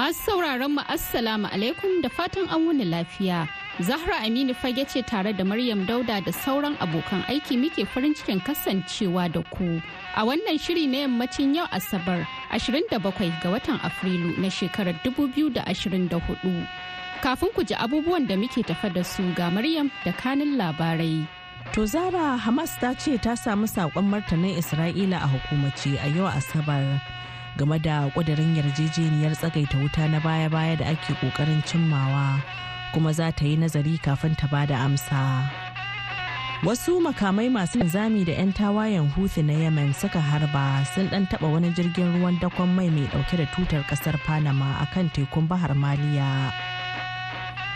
Masu sauraron mu Assalamu alaikum da fatan an wuni lafiya. Zahra Aminu fage ce tare da Maryam Dauda da sauran abokan aiki muke farin cikin kasancewa da ku. A wannan shiri na yammacin yau Asabar 27 ga watan Afrilu na shekarar 2024. Kafin ku ji abubuwan da muke tafa da su ga Maryam da kanin labarai. To Zara Hamas ta ce ta samu saƙon martanin Isra'ila a hukumace a yau Asabar. game da ƙudirin yarjejeniyar tsagaita wuta na baya-baya da ake ƙoƙarin cimmawa kuma za ta yi nazari kafin ta bada amsa. Wasu makamai masu zami da 'yan tawayen Houthi na Yemen suka harba sun ɗan taɓa wani jirgin ruwan dakon mai mai ɗauke da tutar ƙasar Panama a kan tekun Bahar Maliya.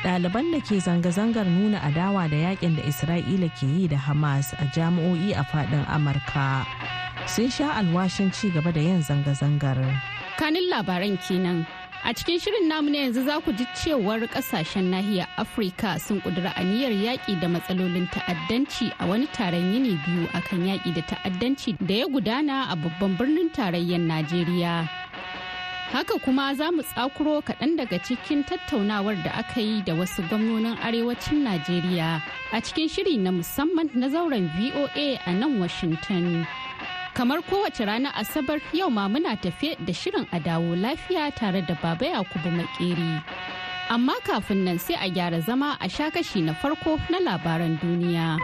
Ɗaliban da ke zanga-zangar nuna adawa da yakin da Isra'ila ke yi da Hamas a jami'o'i a faɗin Amurka. sun sha alwashin ci gaba da yin zanga-zangar. Kanin labaran kenan. A cikin shirin namu na yanzu za ku ji cewar kasashen nahiyar Afirka sun kudura aniyar yaƙi da matsalolin ta'addanci a wani taron yini biyu akan yaƙi da ta'addanci da ya gudana a babban birnin tarayyar Najeriya. Haka kuma za mu tsakuro kaɗan daga cikin tattaunawar da aka yi da wasu gwamnonin arewacin Najeriya a cikin shiri na musamman na zauren VOA a nan Washington. Kamar kowace ranar Asabar yau ma muna tafe da shirin a dawo lafiya tare da Baba Yakubu Makeri. Amma kafin nan sai a gyara zama a sha kashi na farko na labaran duniya.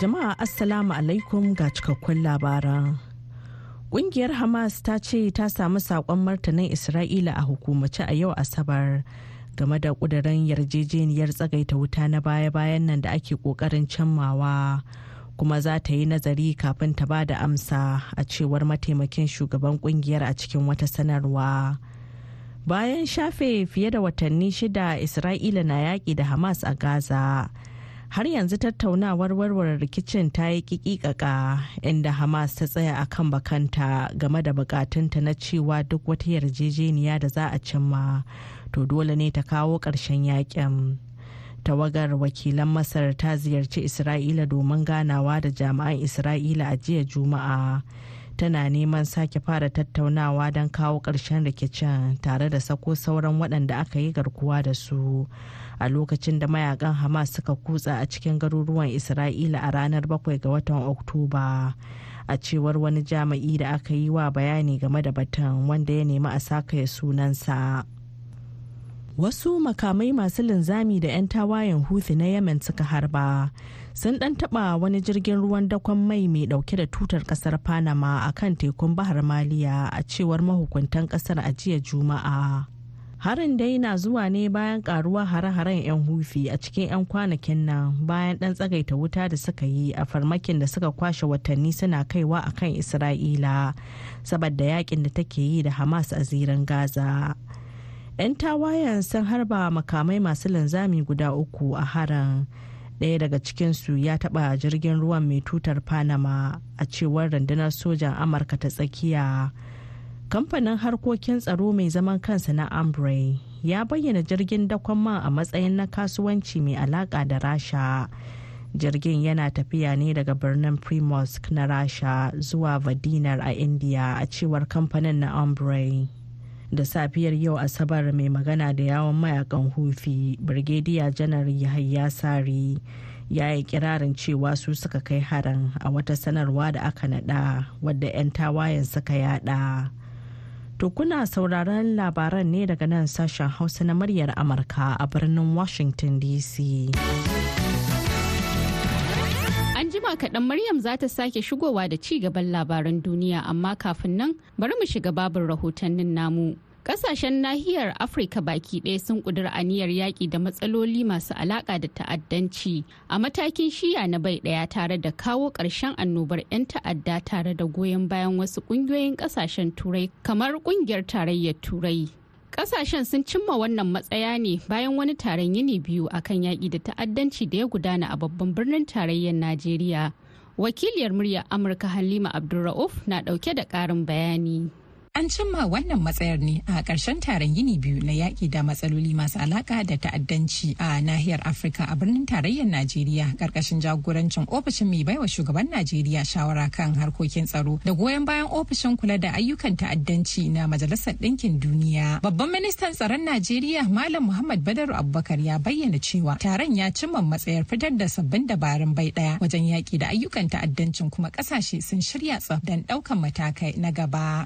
Jama'a Assalamu alaikum ga cikakkun labaran. Ƙungiyar Hamas ta ce ta samu saƙon martanin Isra'ila a hukumace a yau Asabar. game da kudirin yarjejeniyar tsagaita wuta na baya-bayan nan da ake ƙoƙarin cimmawa kuma za ta yi nazari kafin ta ba da amsa a cewar mataimakin shugaban kungiyar a cikin wata sanarwa bayan shafe fiye da watanni shida isra'ila na yaƙi da hamas a gaza har yanzu tattaunawar warware rikicin ta yi ƙiƙiƙaƙa inda hamas ta tsaya a kan bakanta game da bukatunta na cewa duk wata yarjejeniya da za a cimma to dole ne ta kawo ƙarshen yaƙin. tawagar wakilan masar ta ziyarci isra'ila domin ganawa da jami'an isra'ila a jiya juma'a tana neman sake fara tattaunawa don kawo ƙarshen rikicin tare da sako sauran waɗanda aka yi garkuwa da su a lokacin da mayakan hamas suka kutsa a cikin garuruwan isra'ila a ranar bakwai ga watan oktoba a cewar wani jami'i da aka yi wa bayani game da batun wanda ya nemi a sakaya sunansa. wasu makamai masu linzami da 'yan tawayen huthi na yemen suka harba sun dan taba wani jirgin ruwan dakon mai mai dauke da tutar kasar panama a kan tekun bahar maliya a cewar mahukuntan kasar a jiya juma'a harin dai na zuwa ne bayan karuwa hare-haren 'yan hufi a cikin 'yan kwanakin nan bayan dan tsagaita wuta da suka yi a farmakin da suka kwashe watanni suna kaiwa akan isra'ila saboda yakin da take yi da hamas a zirin gaza 'yan tawayen sun harba makamai masu linzami guda uku a harin ɗaya daga cikinsu ya taɓa jirgin ruwan mai tutar panama a cewar rundunar sojan amurka ta tsakiya kamfanin harkokin tsaro mai zaman kansa na ambre ya bayyana jirgin dakon man a matsayin na kasuwanci mai alaƙa da rasha jirgin yana tafiya ne daga birnin Primus na rasha zuwa vadinar a Indiya, a cewar kamfanin na ambre da safiyar yau asabar mai magana da yawon mayakan hufi birgediya janar yahaya sari ya yi kirarin cewa su suka kai haran a wata sanarwa da aka nada wadda 'yan tawayen suka yada to kuna sauraron labaran ne daga nan sashen hausa na muryar amurka a birnin washington dc kaɗan Maryam za ta sake shigowa da ci gaban labaran duniya amma kafin nan bari mu shiga babin rahotannin namu. Kasashen nahiyar Afirka baki ɗaya sun ƙudura aniyar yaƙi da matsaloli masu alaƙa da ta'addanci a matakin shiya na bai ɗaya tare da kawo ƙarshen annobar 'yan ta'adda tare da goyon bayan wasu ƙungiyoyin ƙasashen turai kamar ƙungiyar tarayyar turai. Kasashen sun cimma wannan matsaya ne bayan wani taron yini biyu akan yaƙi da ta'addanci da ya gudana a babban birnin tarayyar Najeriya. Wakiliyar muryar Amurka Halima Abdulra'uf na ɗauke da ƙarin bayani. An cimma wannan matsayar ne a ƙarshen taron yini biyu na yaƙi da matsaloli masu alaƙa da ta'addanci a nahiyar Afirka a birnin tarayyar Najeriya ƙarƙashin jagorancin ofishin mai baiwa shugaban Najeriya shawara kan harkokin tsaro da goyon bayan ofishin kula da ayyukan ta'addanci na Majalisar Ɗinkin Duniya. Babban ministan tsaron Najeriya Malam Muhammad Badaru Abubakar ya bayyana cewa taron ya cimma matsayar fitar da sabbin dabarun bai ɗaya wajen yaƙi da ayyukan ta'addancin kuma ƙasashe sun shirya tsaf don ɗaukan matakai na gaba.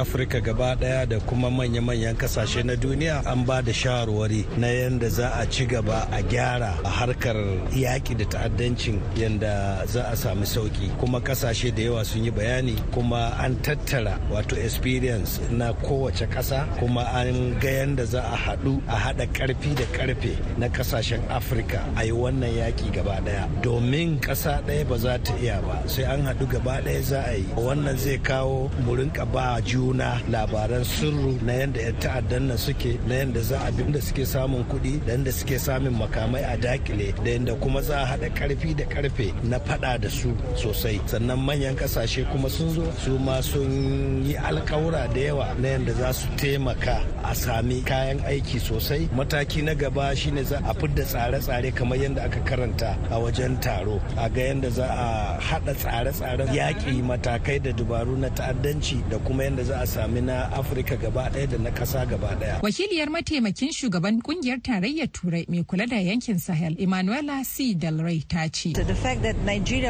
afirka gaba daya da kuma manya-manyan kasashe na duniya an ba da shawarwari na yadda za a ci gaba a gyara a harkar yaƙi da ta'addancin yadda za a sami sauki kuma kasashe da yawa sun yi bayani kuma an tattara wato experience na kowace ƙasa kuma an ga yadda za a haɗu a haɗa ƙarfi da ƙarfe na kasashen afirka a yi wannan yaƙi gaba daya domin ƙasa ɗaya ba za ta iya ba sai an haɗu gaba ɗaya za a yi wannan zai kawo mu rinka ba ju juna labaran sirru na yadda 'yan ta'addan nan suke na yadda za a da suke samun kuɗi da yadda suke samun makamai a dakile da yadda kuma za a haɗa karfi da karfe na faɗa da su sosai sannan manyan ƙasashe kuma sun zo su ma sun yi alkawura da yawa na yadda za su taimaka a sami kayan aiki sosai mataki na gaba shine za a fidda tsare-tsare kamar yadda aka karanta a wajen taro a ga yadda za a haɗa tsare-tsaren yaƙi matakai da dubaru na ta'addanci da kuma yadda za a sami na afirka gaba ɗaya da na ƙasa gaba ɗaya wakiliyar mataimakin shugaban kungiyar tarayyar turai mai kula da yankin sahel emanuela c delray ta ce the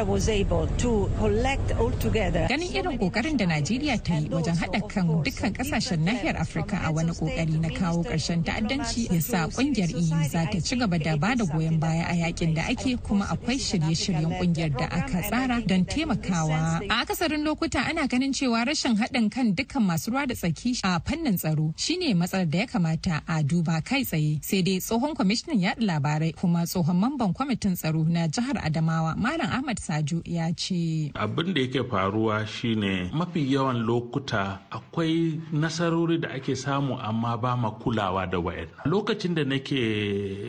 was to ganin irin kokarin da najeriya ta yi wajen haɗa kan dukkan kasashen nahiyar afirka a wani kokari na kawo ƙarshen ta'addanci ya sa kungiyar eu za ta ci gaba da ba da goyon baya a yakin da ake kuma akwai shirye-shiryen kungiyar da aka tsara don taimakawa a akasarin lokuta ana ganin cewa rashin haɗin kan dukkan akan masu ruwa da tsaki a fannin tsaro shine matsalar da ya kamata a duba kai tsaye sai dai tsohon kwamishinan yaɗa labarai kuma tsohon mamban kwamitin tsaro na jihar adamawa malam ahmad sajo ya ce abin da yake faruwa shine mafi yawan lokuta akwai nasarori da ake samu amma ba ma kulawa da wayar lokacin da nake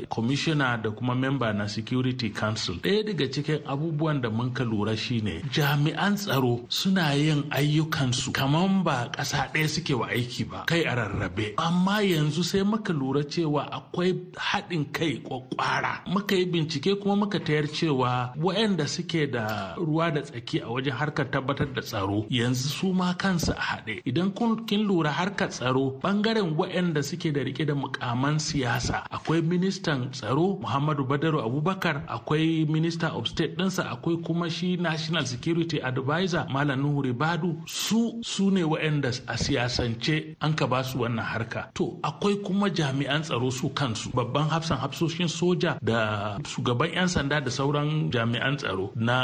kwamishina da kuma memba na security council ɗaya daga cikin abubuwan da mun ka lura shine jami'an tsaro suna yin ayyukansu kamar ba ƙasa ɗaya suke wa aiki ba kai a rarrabe amma yanzu sai maka lura cewa akwai haɗin kai kwakwara muka yi bincike kuma muka tayar cewa waɗanda suke da ruwa da tsaki a wajen harkar tabbatar da tsaro yanzu su ma kansu a haɗe idan kin lura harkar tsaro bangaren waɗanda suke da rike da mukaman siyasa akwai ministan tsaro muhammadu badaru abubakar akwai minista of state ɗinsa akwai kuma shi national security advisor malam nuhu ribadu su su ne waɗanda da a siyasance an ka ba su wannan harka to akwai kuma jami'an tsaro su kansu babban hafsan hafsoshin soja da shugaban 'yan sanda da sauran jami'an tsaro na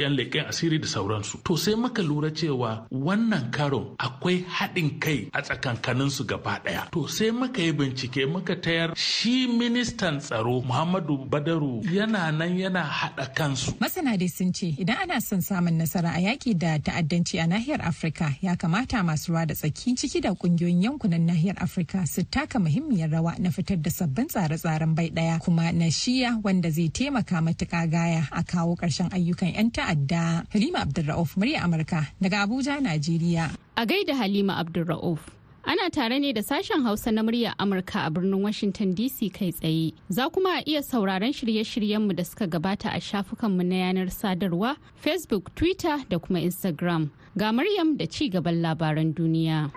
'yan leƙen asiri da sauransu to sai muka lura cewa wannan karon akwai haɗin kai a tsakankanin su gaba ɗaya to sai muka yi bincike muka tayar shi ministan tsaro muhammadu badaru yana nan yana haɗa kansu masana dai sun ce idan ana son samun nasara a yaki da ta'addanci a nahiyar afirka ya kamata Ana masu ruwa da tsaki ciki da kungiyoyin yankunan nahiyar Afirka su taka muhimmiyar rawa na fitar da sabbin tsare-tsaren bai daya kuma na shiya wanda zai taimaka matuka gaya a kawo ƙarshen ayyukan 'yan ta'adda. Halima Abdulra'uf murya Amurka daga Abuja, Najeriya. A gaida Halima Abdulra'uf. Ana tare ne da sashen Hausa na murya Amurka a birnin Washington DC kai tsaye. Za kuma a iya sauraron shirye-shiryenmu da suka gabata a shafukanmu na yanar sadarwa, Facebook, Twitter da kuma Instagram. Ga Maryam da ci gaban labaran duniya.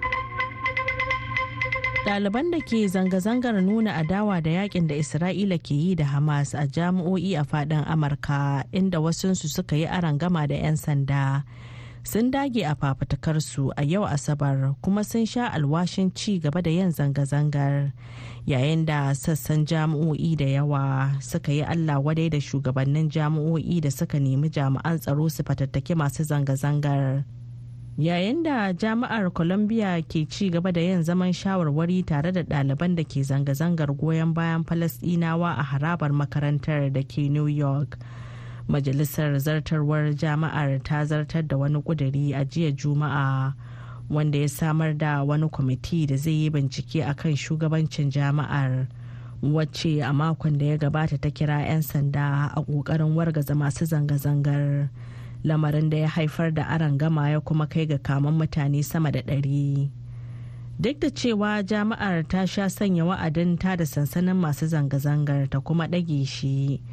Ɗaliban da ke zanga-zangar nuna adawa da yakin da Isra'ila ke yi da Hamas a jami'o'i a faɗin Amurka, inda wasunsu suka yi arangama da 'yan sanda. sun dage a fafutukarsu a yau asabar kuma sun sha alwashin ci gaba da yin zanga-zangar yayin da sassan jami'o'i da yawa suka yi allah wadai da shugabannin jami'o'i da suka nemi jami'an tsaro su fatattaki masu zanga-zangar yayin da jami'ar columbia ke ci gaba da yin zaman shawarwari tare da ɗaliban da ke zanga-zangar goyon bayan falasɗinawa a harabar makarantar da ke new york majalisar zartarwar jama'ar ta zartar da wani ƙuduri a jiya juma'a wanda ya samar da wani kwamiti da zai yi bincike a kan shugabancin jama'ar wacce a makon da ya gabata ta kira 'yan sanda a ƙoƙarin wargaza masu zanga-zangar lamarin da ya haifar da aron gama ya kuma kai ga kamin mutane sama da ɗari duk da cewa jama'ar ta sha sanya wa'adin ta da sansanin masu zanga-zangar ta kuma ɗage shi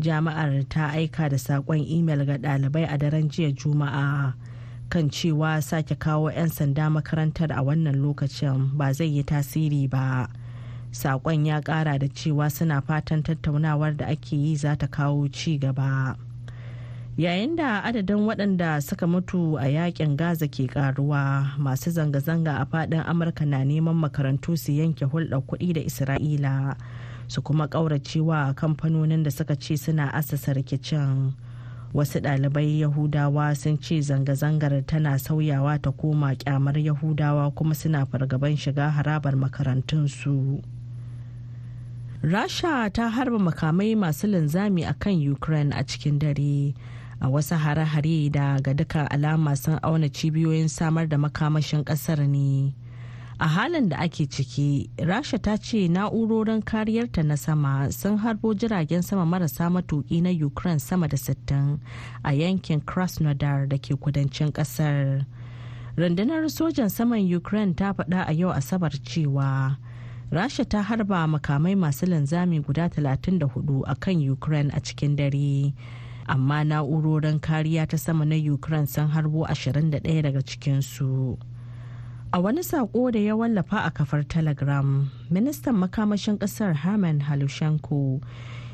jama'ar ta aika da saƙon imel ga ɗalibai a daren jiya juma'a kan cewa sake kawo 'yan sanda makarantar a wannan lokacin ba zai yi tasiri ba saƙon ya ƙara da cewa suna fatan tattaunawar da ake yi za ta kawo ci gaba yayin da adadin waɗanda suka mutu a yakin gaza ke karuwa masu zanga-zanga a faɗin amurka na neman makarantu su yanke hulɗar kuɗi da isra'ila su kuma ƙauracewa kamfanonin da suka ce suna asasa rikicin wasu ɗalibai yahudawa sun ce zanga-zangar tana sauyawa ta koma kyamar yahudawa kuma suna fargaban shiga harabar makarantunsu rasha ta harba makamai masu linzami a kan ukraine a cikin dare a wasu hare-hare da ga dukkan alama sun auna cibiyoyin samar da makamashin ƙasar ne a halin da ake ciki rasha ta ce na'urorin kariyarta na sama sun harbo jiragen sama marasa matuki na ukraine sama da 60 a yankin krasnodar da ke kudancin kasar rundunar sojan saman ukraine ta faɗa a yau asabar cewa rasha ta harba makamai masu linzami guda 34 a kan ukraine a cikin dare amma na'urorin kariya ta sama na ukraine sun harbo 21 daga cikinsu. su A wani saƙo da ya wallafa a kafar Telegram, ministan makamashin ƙasar Herman Halushenko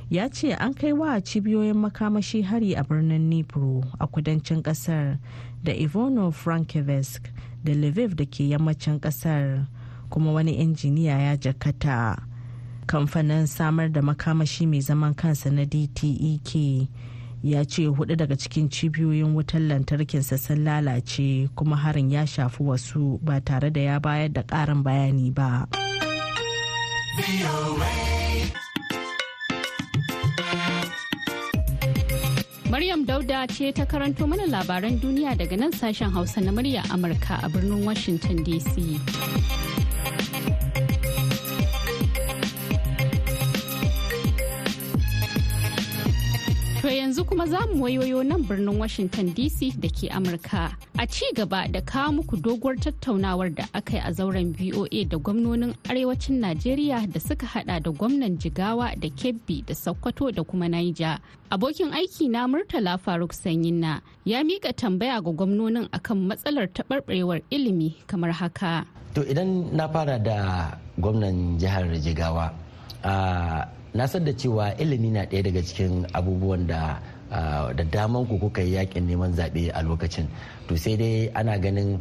ya ce an kai wa cibiyoyin makamashi hari a birnin Nipro a kudancin ƙasar da Ivano Frankivsk da Lviv da ke yammacin ƙasar kuma wani injiniya ya jakata. Kamfanin samar da makamashi mai zaman kansa na DTEK ya ce hudu daga cikin cibiyoyin wutar lantarkinsa sun lalace kuma harin ya shafi wasu ba tare da ya bayar da ƙarin bayani ba. Maryam Dauda ce ta karanto mana labaran duniya daga nan sashen Hausa na murya Amurka a birnin Washington DC. yanzu kuma za mu wayoyo nan birnin Washington DC da ke Amurka. A ci gaba da kawo muku doguwar tattaunawar da aka yi a zauren VOA da gwamnonin arewacin Najeriya da suka hada da gwamnan Jigawa da Kebbi da Sokoto da kuma Niger. Abokin aiki na Murtala Faruk Sanyinna ya mika tambaya ga gwamnonin akan matsalar taɓarɓarewar ilimi kamar haka. To idan na fara da gwamnan jihar Jigawa. Uh, na san da cewa ilimi na ɗaya daga cikin abubuwan da da daman ku kuka yi yakin neman zaɓe a lokacin to sai dai ana ganin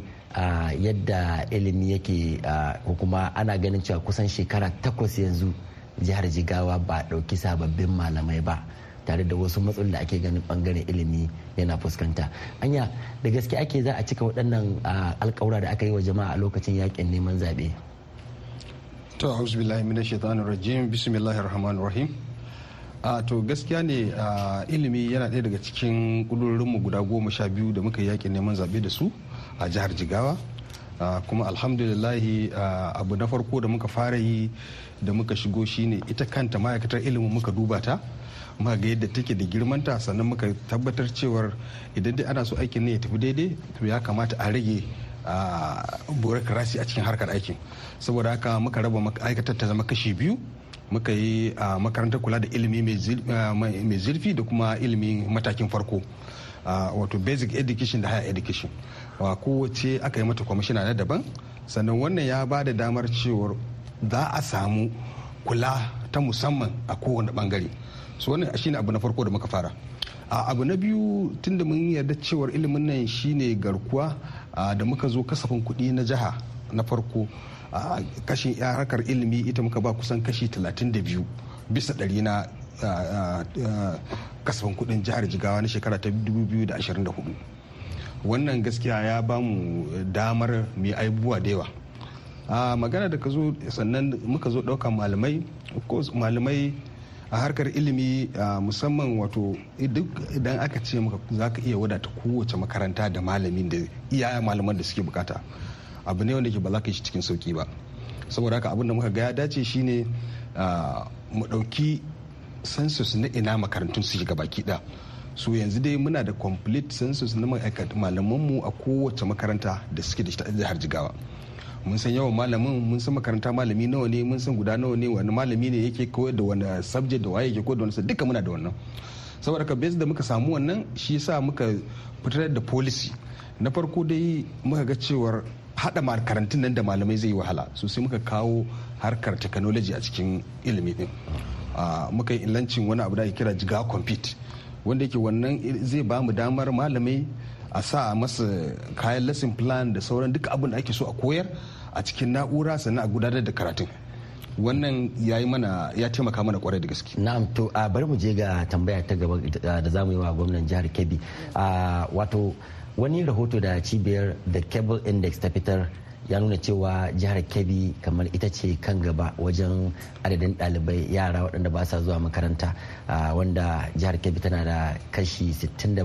yadda ilimi yake ko kuma ana ganin cewa kusan shekara takwas yanzu jihar jigawa ba ɗauki sababbin malamai ba tare da wasu matsalolin da ake ganin bangaren ilimi yana fuskanta anya da gaske ake za a cika waɗannan alƙawura da aka yi wa jama'a a lokacin yakin neman zaɓe to a'udhu billahi minash shaitanir rajim bismillahir rahmanir rahim a ah, to gaskiya ne a ah, ilimi yana ɗaya daga cikin ƙudurinmu guda goma sha biyu da muka yaƙi neman zaɓe da su a jihar jigawa ah, kuma alhamdulillahi abu na farko da muka fara yi da muka shigo shine ita kanta ma'aikatar ilimin muka duba ta muka ga yadda take da girmanta sannan muka tabbatar cewar idan dai ana so aikin ne ya tafi daidai to ya kamata a rage bureaucracy a cikin harkar aikin saboda haka muka raba aikatar ta zama kashi biyu muka yi a makarantar kula da ilimi mai zurfi da kuma ilimin matakin farko wato basic education da higher education kowace aka yi mata kwamishina na daban sannan wannan ya ba da damar cewar za a samu kula ta musamman a kowane bangare so wannan shine abu na farko da muka fara abu na biyu tunda mun yarda cewar ilimin nan shine garkuwa Ah, da muka zo kasafin kuɗi na jiha na farko ah, kashin ah, harkar ilimi ita muka ba kusan kashi 32 bisa ɗari na kasafin kuɗin jihar jigawa na shekara ta 2024 wannan gaskiya ya ba mu damar mai aibuwa da yawa magana da ka zo sannan muka zo ɗauka malamai a harkar ilimi musamman wato eh, duk idan aka ce maka za ka iya wadata kowace makaranta da malamin da iya malaman da suke bukata abu ne wanda ke ba za ka yi cikin sauki ba saboda haka abin da muka ga ya dace shine mu ɗauki census na ina makarantun su shiga baki da so yanzu dai muna da complete census na malamanmu a kowace makaranta da suke da jihar jigawa mun san yawan malamin mun san makaranta malami nawa ne mun san guda nawa ne wani malami ne yake koyar da wani subject da waye yake koyar da wani duka muna da wannan saboda ka base da muka samu wannan shi yasa muka fitar da policy na farko dai muka ga cewar hada makarantun nan da malamai zai yi wahala so sai muka kawo harkar technology a cikin ilimi din muka yi lancin wani abu da ake kira jiga compete wanda yake wannan zai bamu damar malamai a sa masa kayan lesson plan da sauran duka abin da ake so a koyar a cikin na'ura sannan a gudanar da karatun wannan ya yi mana ya taimaka mana kwarai da gaske na'am to a bari mu je ga tambaya ta gaba da zamu yi wa gwamnan jihar kebbi wato wani rahoto da cibiyar the cable index ta fitar ya nuna cewa jihar kebbi kamar ita ce kan gaba wajen adadin dalibai yara waɗanda ba sa zuwa makaranta wanda jihar kebbi tana da kashi sittin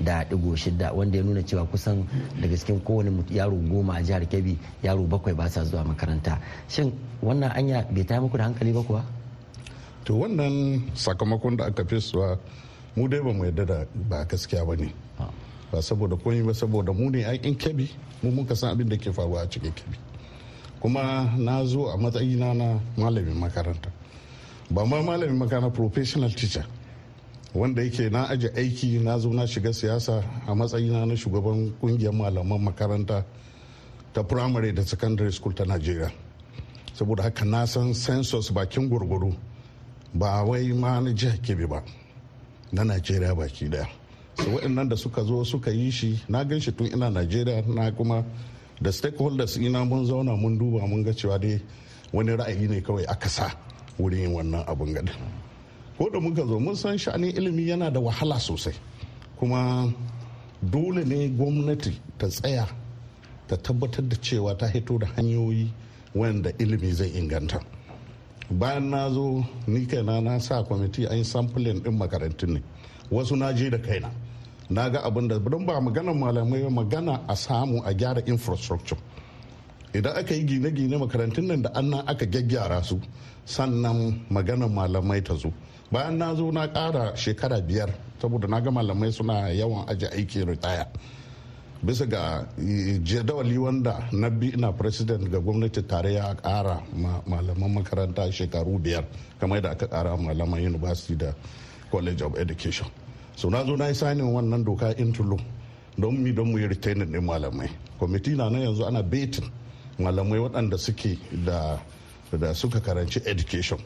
da digo shida wanda ya nuna cewa kusan daga cikin kowane yaro goma a jihar kebbi yaro bakwai ba sa zuwa makaranta shin wannan anya bai ta muku da hankali ba kuwa to wannan sakamakon da aka fi fesuwa mu dai ba mu yadda da ba gaskiya ba ne ba saboda komai ba saboda mu ne aikin kebi mu muka san abin da ke faruwa a cikin kebi kuma na zo a matsayina na malamin makaranta ba ma malamin makaranta professional teacher wanda yake na aje aiki na zo na shiga siyasa a matsayina na shugaban kungiyar malaman makaranta ta primary da secondary school ta najeriya saboda haka na san census bakin gurguru ba wai ma na jihar kebe ba na najeriya baki daya su waɗannan da suka zo suka yi shi na gan shi tun ina najeriya na kuma da stakeholders ina mun zauna mun duba mun ga cewa dai wani ra'ayi ne kawai aka sa wurin yin wannan abun gada ko da muka zo mun san sha'anin ilimi yana da wahala sosai kuma dole ne gwamnati ta tsaya ta tabbatar da cewa ta hito da hanyoyi wanda ilimi zai inganta bayan na zo ni kaina na sa kwamiti an yi samfulin din makarantun ne wasu na je da kaina na ga abin da don ba magana malamai magana a samu a gyara infrastructure idan aka yi gine-gine makarantun nan da annan aka gyaggyara su sannan magana malamai ta zo bayan na zo na ƙara shekara biyar saboda na ga malamai suna yawan aji aiki ritaya bisa ga eh, jadawali wanda na bi ina president ga gwamnati tare ya kara malaman makaranta shekaru biyar kamar da aka kara malaman university da college of education so na zo na yi sanin wannan doka interlo don mi don mu yi retainer ne malamai kwamiti na nan yanzu ana betin malamai waɗanda suke da suka karanci education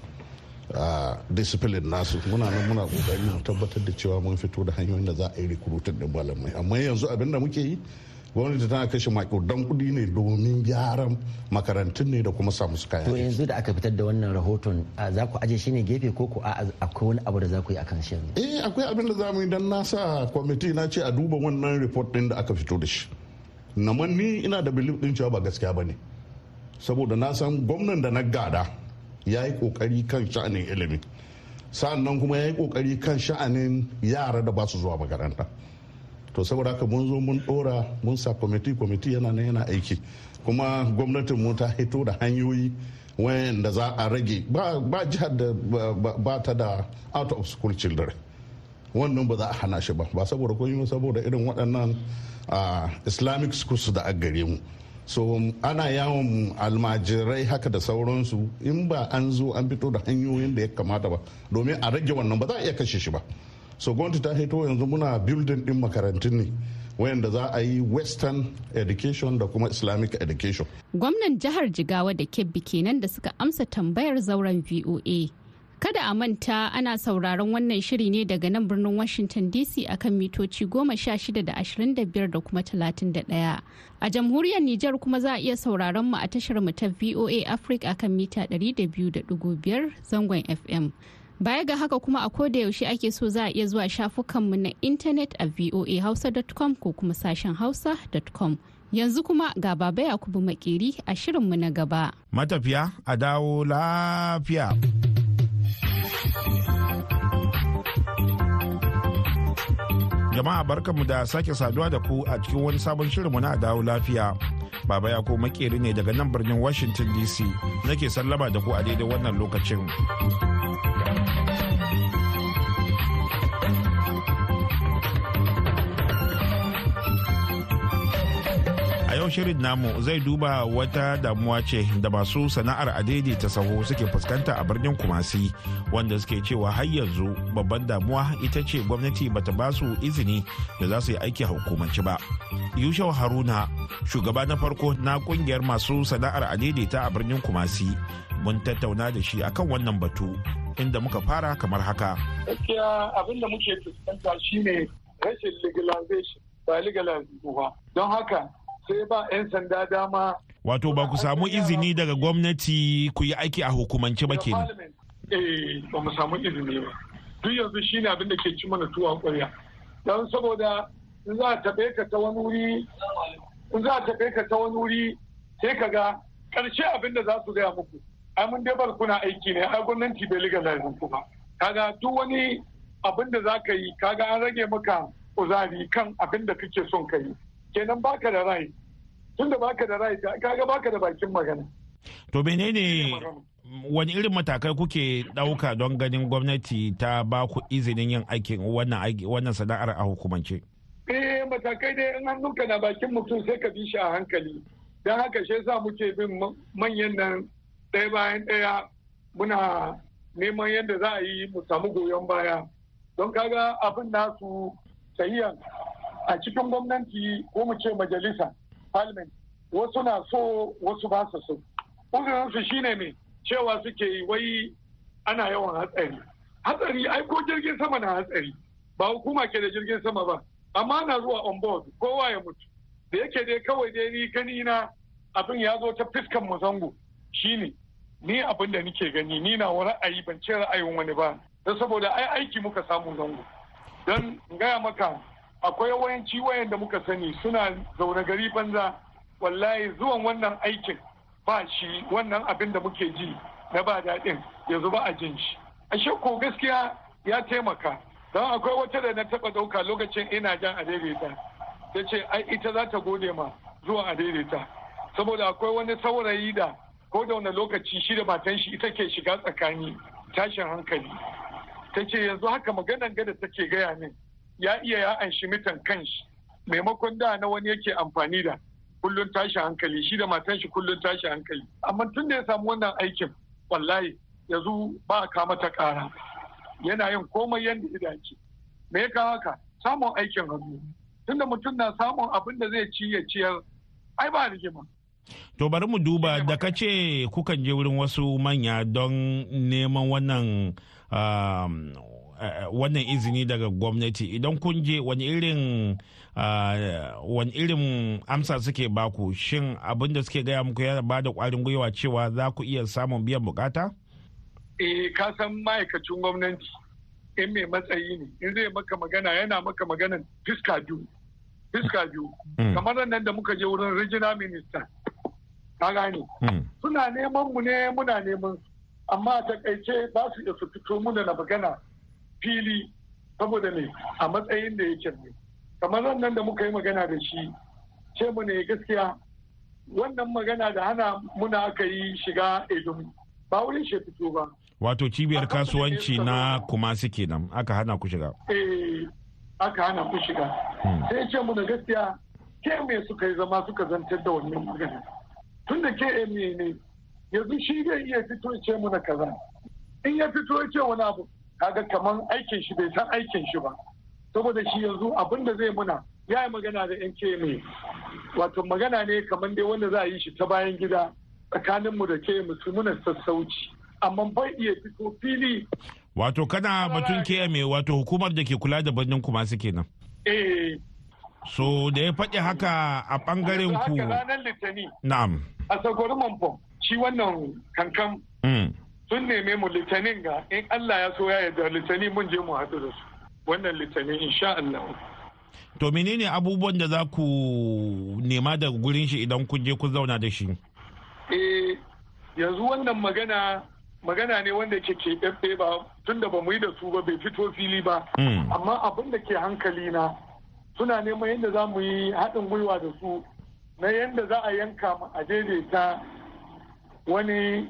a discipline nasu muna nan muna kokari mu tabbatar da cewa mun fito da hanyoyin da za a yi recruiting ɗin malamai amma yanzu abin da muke yi gwamnati tana kashe makudan kudi ne domin gyaran makarantun ne da kuma samu su kaya to yanzu da aka fitar da wannan rahoton za ku aje shi ne gefe ko ko akwai wani abu da za ku yi akan shi eh akwai abin da zamu mu yi dan na sa kwamiti na ce a duba wannan report din da aka fito da shi na ni ina da belief din cewa ba gaskiya ba ne saboda na san gwamnan da na gada ya yi kokari kan sha'anin ilimi sa'annan kuma ya yi kokari kan sha'anin yara da ba su zuwa makaranta to saboda haka mun zo mun dora mun sa kwamiti kwamiti yana nan yana aiki kuma gwamnatin mu ta hito da hanyoyi wayanda za a rage ba jihar da ba ta da out of school children wannan ba za a hana shi ba ba saboda kun saboda irin waɗannan islamic schools da a gare mu so ana yawon almajirai haka da sauransu in ba an zo an fito da hanyoyin da ya kamata ba domin a rage wannan ba za a iya kashe shi ba so gwamnati ta hito yanzu muna building din makarantun ne wayanda za a yi western education da kuma islamic education gwamnan jihar jigawa da kebbi kenan da suka amsa tambayar zauren voa kada a manta ana sauraron wannan shiri ne daga nan birnin washington dc akan mitoci goma sha shida da 25 da biyar da kuma talatin da 31 a jamhuriyar niger kuma za a iya sauraron mu a tashar mu ta voa africa akan mita 200.5 zangon fm Baya ga haka kuma a koda yaushe ake so za a iya zuwa shafukanmu na intanet a voahausa.com ko kuma sashen hausa.com. Yanzu kuma ga baba Yakubu Makeri a shirinmu na gaba. Matafiya a dawo lafiya. Jama'a barkanmu da sake saduwa da ku a cikin wani sabon shirinmu na dawo lafiya. Baba ya ko makeri ne daga nan birnin Washington DC nake sallama da ku a daidai wannan lokacin. yau shirin namu zai duba wata damuwa ce da masu sana'ar adedi ta saho suke fuskanta a birnin kumasi wanda suke cewa har yanzu babban damuwa ita ce gwamnati bata ba su izini da za su yi aiki hukumanci ba yushau haruna shugaba na farko na kungiyar masu sana'ar adaidaita a birnin kumasi mun tattauna da shi akan wannan batu inda muka fara kamar haka gaskiya abin da muke fuskanta shine rashin legalization ba legalization don haka sai ba 'yan sanda dama wato ba ku samu izini daga gwamnati ku yi aiki a hukumance ba kenan eh ba mu samu izini ba duk yanzu shine abin da ke ci mana tuwa kwarya don saboda za a tabe ka ta wani wuri kun za ta kai ka ta wani wuri sai ka ga ƙarshe abin da za su gaya muku ai mun dai kuna aiki ne ai gwamnati bai liga lalin kuma ba kaga duk wani abin da za ka yi kaga an rage maka kuzari kan abin da kake son ka yi kenan baka da rai tun da baka da rai kaga baka da bakin magana to menene wani irin matakai kuke ɗauka don ganin gwamnati ta ba ku izinin yin aikin wannan sana'ar a hukumance? dai matakai dai in hannunka na bakin mutum sai ka bi shi a hankali don haka shi yasa muke bin manyan nan ɗaya bayan ɗaya muna neman yadda za a yi mu samu goyon baya don kaga abin nasu sahiya a cikin gwamnati ko mu ce majalisa parliament wasu na so wasu ba su so su shine mai cewa suke yi wai ana yawan hatsari hatsari ai ko jirgin sama na hatsari ba hukuma ke da jirgin sama ba amma na zuwa on board kowa ya mutu da yake dai kawai dai ni gani na abin ya zo ta fiskan mazango shine ni abin da nike gani ni na ra'ayi ban ce ra'ayin wani ba da saboda ai aiki muka samu zango don gaya maka akwai wayanci wayan da muka sani suna zaune gari banza wallahi zuwan wannan aikin ba shi wannan abin da muke ji na ba daɗin yanzu ba a jin shi ashe ko gaskiya ya taimaka don akwai wata da na taba dauka lokacin ina jan adaidaita ta ce ai ita za ta gode ma zuwa adaidaita saboda akwai wani saurayi da ko da wani lokaci shi da matan shi ita ke shiga tsakani tashin hankali ta ce yanzu haka maganan gada take gaya min ya iya ya anshi mitan kanshi maimakon da na wani yake amfani da kullun tashi hankali shi da matan shi kullun tashi hankali amma tun da ya samu wannan aikin wallahi yanzu ba a kama ta kara yana yin komai yadda ya dace me ya kawo haka samun aikin hannu tunda mutum na samun abin da zai ci ya ciyar ai ba rigima To bari mu duba da ka ce kukan je wurin wasu manya don neman wannan um, eh, wannan izini daga gwamnati idan kun je wani irin uh, wani irin amsa suke baku shin abin da suke gaya muku ya bada kwarin gwiwa cewa za ku iya samun biyan bukata? eh ka san ma'aikacin gwamnati in mai matsayi ne in zai maka magana yana maka maganan fiska biyu fiska biyu hmm. kamar nan da muka je wurin regional minister ka gane hmm. suna neman mu ne muna neman amma a takaice ba su da su fito muna na magana fili saboda ne a matsayin da yake ne kamar nan da muka yi magana da shi ce mu ne gaskiya wannan magana da hana muna aka yi shiga edum ba wurin shi fito ba wato cibiyar kasuwanci na kumasi kenan aka hana ku shiga eh aka hana ku shiga hmm. sai ce mu da gaskiya ke me suka yi zama suka zantar da wannan magana tun da ke eh, me ne yanzu shi zai iya fito ce mu na kaza in ya fito ce wani abu kaga kaman aikin shi bai san aikin shi ba saboda shi yanzu abin da zai muna ya yi magana da yan ke me wato magana ne kamar dai wanda za a yi shi ta bayan gida tsakaninmu da ke mu muna sassauci amma bai iya fito fili. Wato kana batun KMA wato hukumar da ke kula da birnin kuma su kenan. Eh. So da ya faɗi haka a ɓangaren ku. ranar litani. Na'am. A sakwari manfom shi wannan kankan. Mm. Sun neme mu litanin ga in Allah ya so ya yarda litani mun je mu haɗu da su. Wannan litani insha Allah. To menene abubuwan da za ku nema da gurin shi idan kun je ku zauna da shi? Eh yanzu wannan magana magana ne wanda ke keɓaɓɓe ba tun da ba mu yi da su ba bai fito fili ba hmm. amma abin da ke hankali na suna neman yadda za mu yi haɗin gwiwa da su na yadda za a yanka a daidaita wani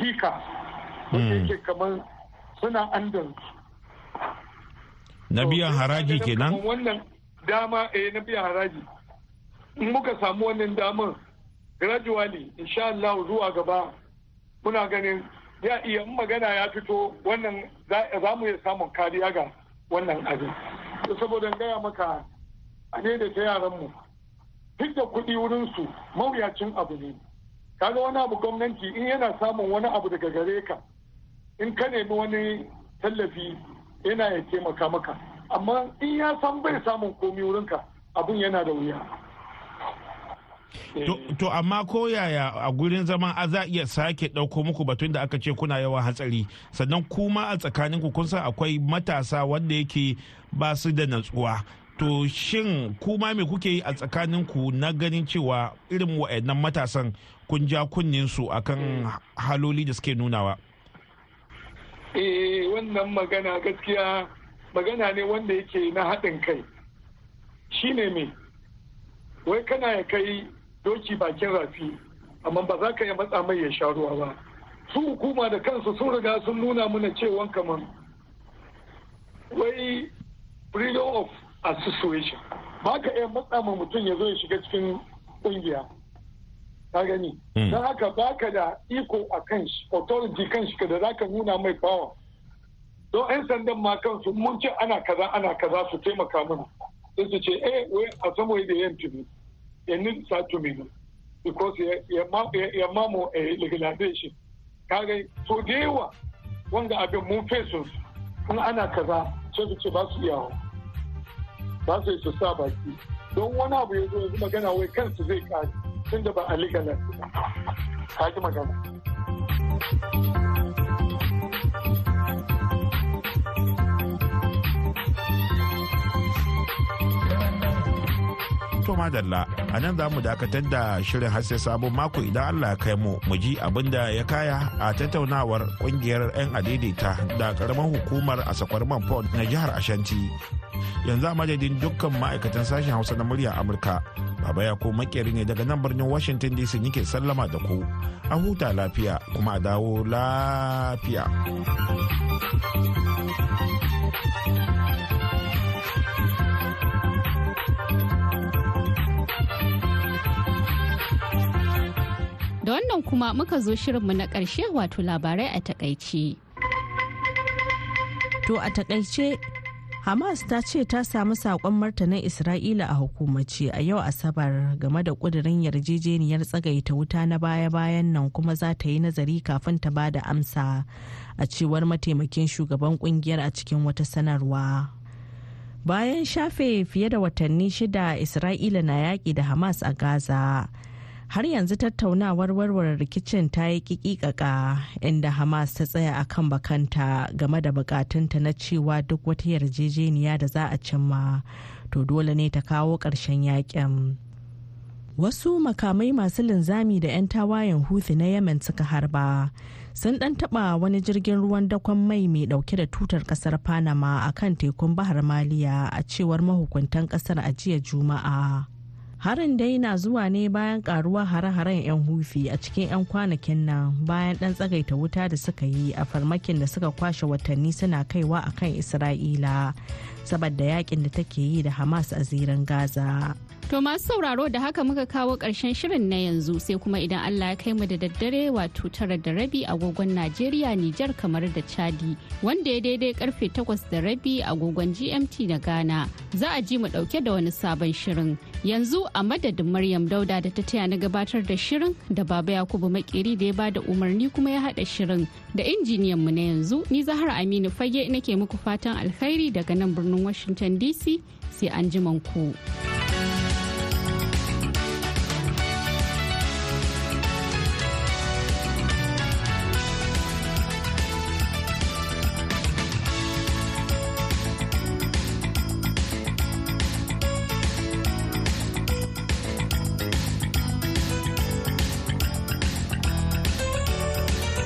hika wanda hmm. yake kamar suna andan na biyan haraji kenan wannan dama eh na biyan haraji in muka samu wannan damar gradually insha Allah zuwa gaba muna ganin ya iya magana ya fito wannan za mu iya samun kariya ga wannan abin saboda gaya maka a ne da ta yaran duk da kuɗi wurin su mawuyacin abu ne kaga wani abu gwamnati in yana samun wani abu daga gare ka in ka nemi wani tallafi yana ya taimaka maka amma in ya san bai samun komi wurinka abun yana da wuya To amma ko yaya a gurin zama a za iya sake ɗauko muku batun da aka ce kuna yawan hatsari sannan kuma a tsakanin ku kun san akwai matasa wanda yake ba su da natsuwa. To shin kuma me kuke yi a tsakanin ku na ganin cewa irin wa'annan matasan kun ja kunnin su akan mm. haloli da suke nunawa? Eh wannan magana gaskiya magana ne wanda yake na haɗin kai. Shi ne me? Wai kana ya kai doki bakin rafi amma ba za ka iya matsa mai ya sha ruwa ba su hukuma da kansu sun riga sun nuna mana cewa kamar wai freedom of association ba ka iya matsa ma mutum ya zo ya shiga cikin kungiya ta gani hmm. don haka ba ka da iko a kan shi authority kan shi da za ka nuna mai power don 'yan sandan ma kansu mun ce ana kaza ana kaza su taimaka mana sai su ce eh wai a samu da yan tuni yanni sa tuminu because ya mamu eh, legalization kare so da yawa wanda abin mun fesus kuma ana kaza sai fi ce ba su iyawa ba su su sa baki don wani abu ya zo yanzu magana wai kansu zai kare tun ba a legalization ka ji magana To madalla a nan za mu dakatar da shirin hasse sabon mako idan allah ya kai mu mu ji abin da ya kaya a tattaunawar kungiyar 'yan adaidaita da karamar hukumar asakwar manford na jihar ashanti yanzu a madadin dukkan ma'aikatan sashen hausa na murya amurka baba ya ko makeri ne daga nan birnin washington dc nike sallama da ku a huta lafiya kuma a dawo lafiya wannan kuma muka zo shirinmu na ƙarshe wato labarai a takaice. To a takaice Hamas ta ce ta samu saƙon martanin Isra'ila a hukumace a yau Asabar game da ƙudurin yarjejeniyar tsagaita wuta na baya-bayan nan kuma za ta yi nazari kafin ta ba da amsa a cewar mataimakin shugaban ƙungiyar a cikin wata sanarwa. Bayan shafe fiye da watanni shida Isra'ila na yaƙi da Hamas a Gaza. har yanzu tattaunawar warware rikicin ta yi kikikaka inda hamas ta tsaya a kan bakanta game da bukatunta na cewa duk wata yarjejeniya da za a cimma to dole ne ta kawo ƙarshen yakin wasu makamai masu linzami da 'yan tawayen huthi na yemen suka harba sun ɗan taɓa wani jirgin ruwan dakon mai mai ɗauke da tutar ƙasar panama a kan tekun bahar maliya a cewar mahukuntan ƙasar a jiya juma'a harin dai na zuwa ne bayan karuwa hare-haren 'yan hufi a cikin 'yan kwanakin nan bayan ɗan tsagaita wuta da suka yi a farmakin da suka kwashe watanni suna kaiwa a kan isra'ila saboda yakin da take yi da hamas a zirin gaza to masu sauraro da haka muka kawo ƙarshen shirin na yanzu sai kuma idan allah ya kai mu da daddare wato tara da rabi agogon najeriya nijar kamar da chadi wanda ya daidai karfe takwas da rabi agogon gmt da ghana za a ji mu dauke da wani sabon shirin yanzu a madadin Maryam Dauda da ta taya na gabatar da shirin da Baba Yakubu Makeri da ya ba da umarni kuma ya haɗa shirin da injiniyan mu na yanzu ni zahar Aminu Fage nake muku fatan alkhairi daga nan birnin Washington DC sai an ku.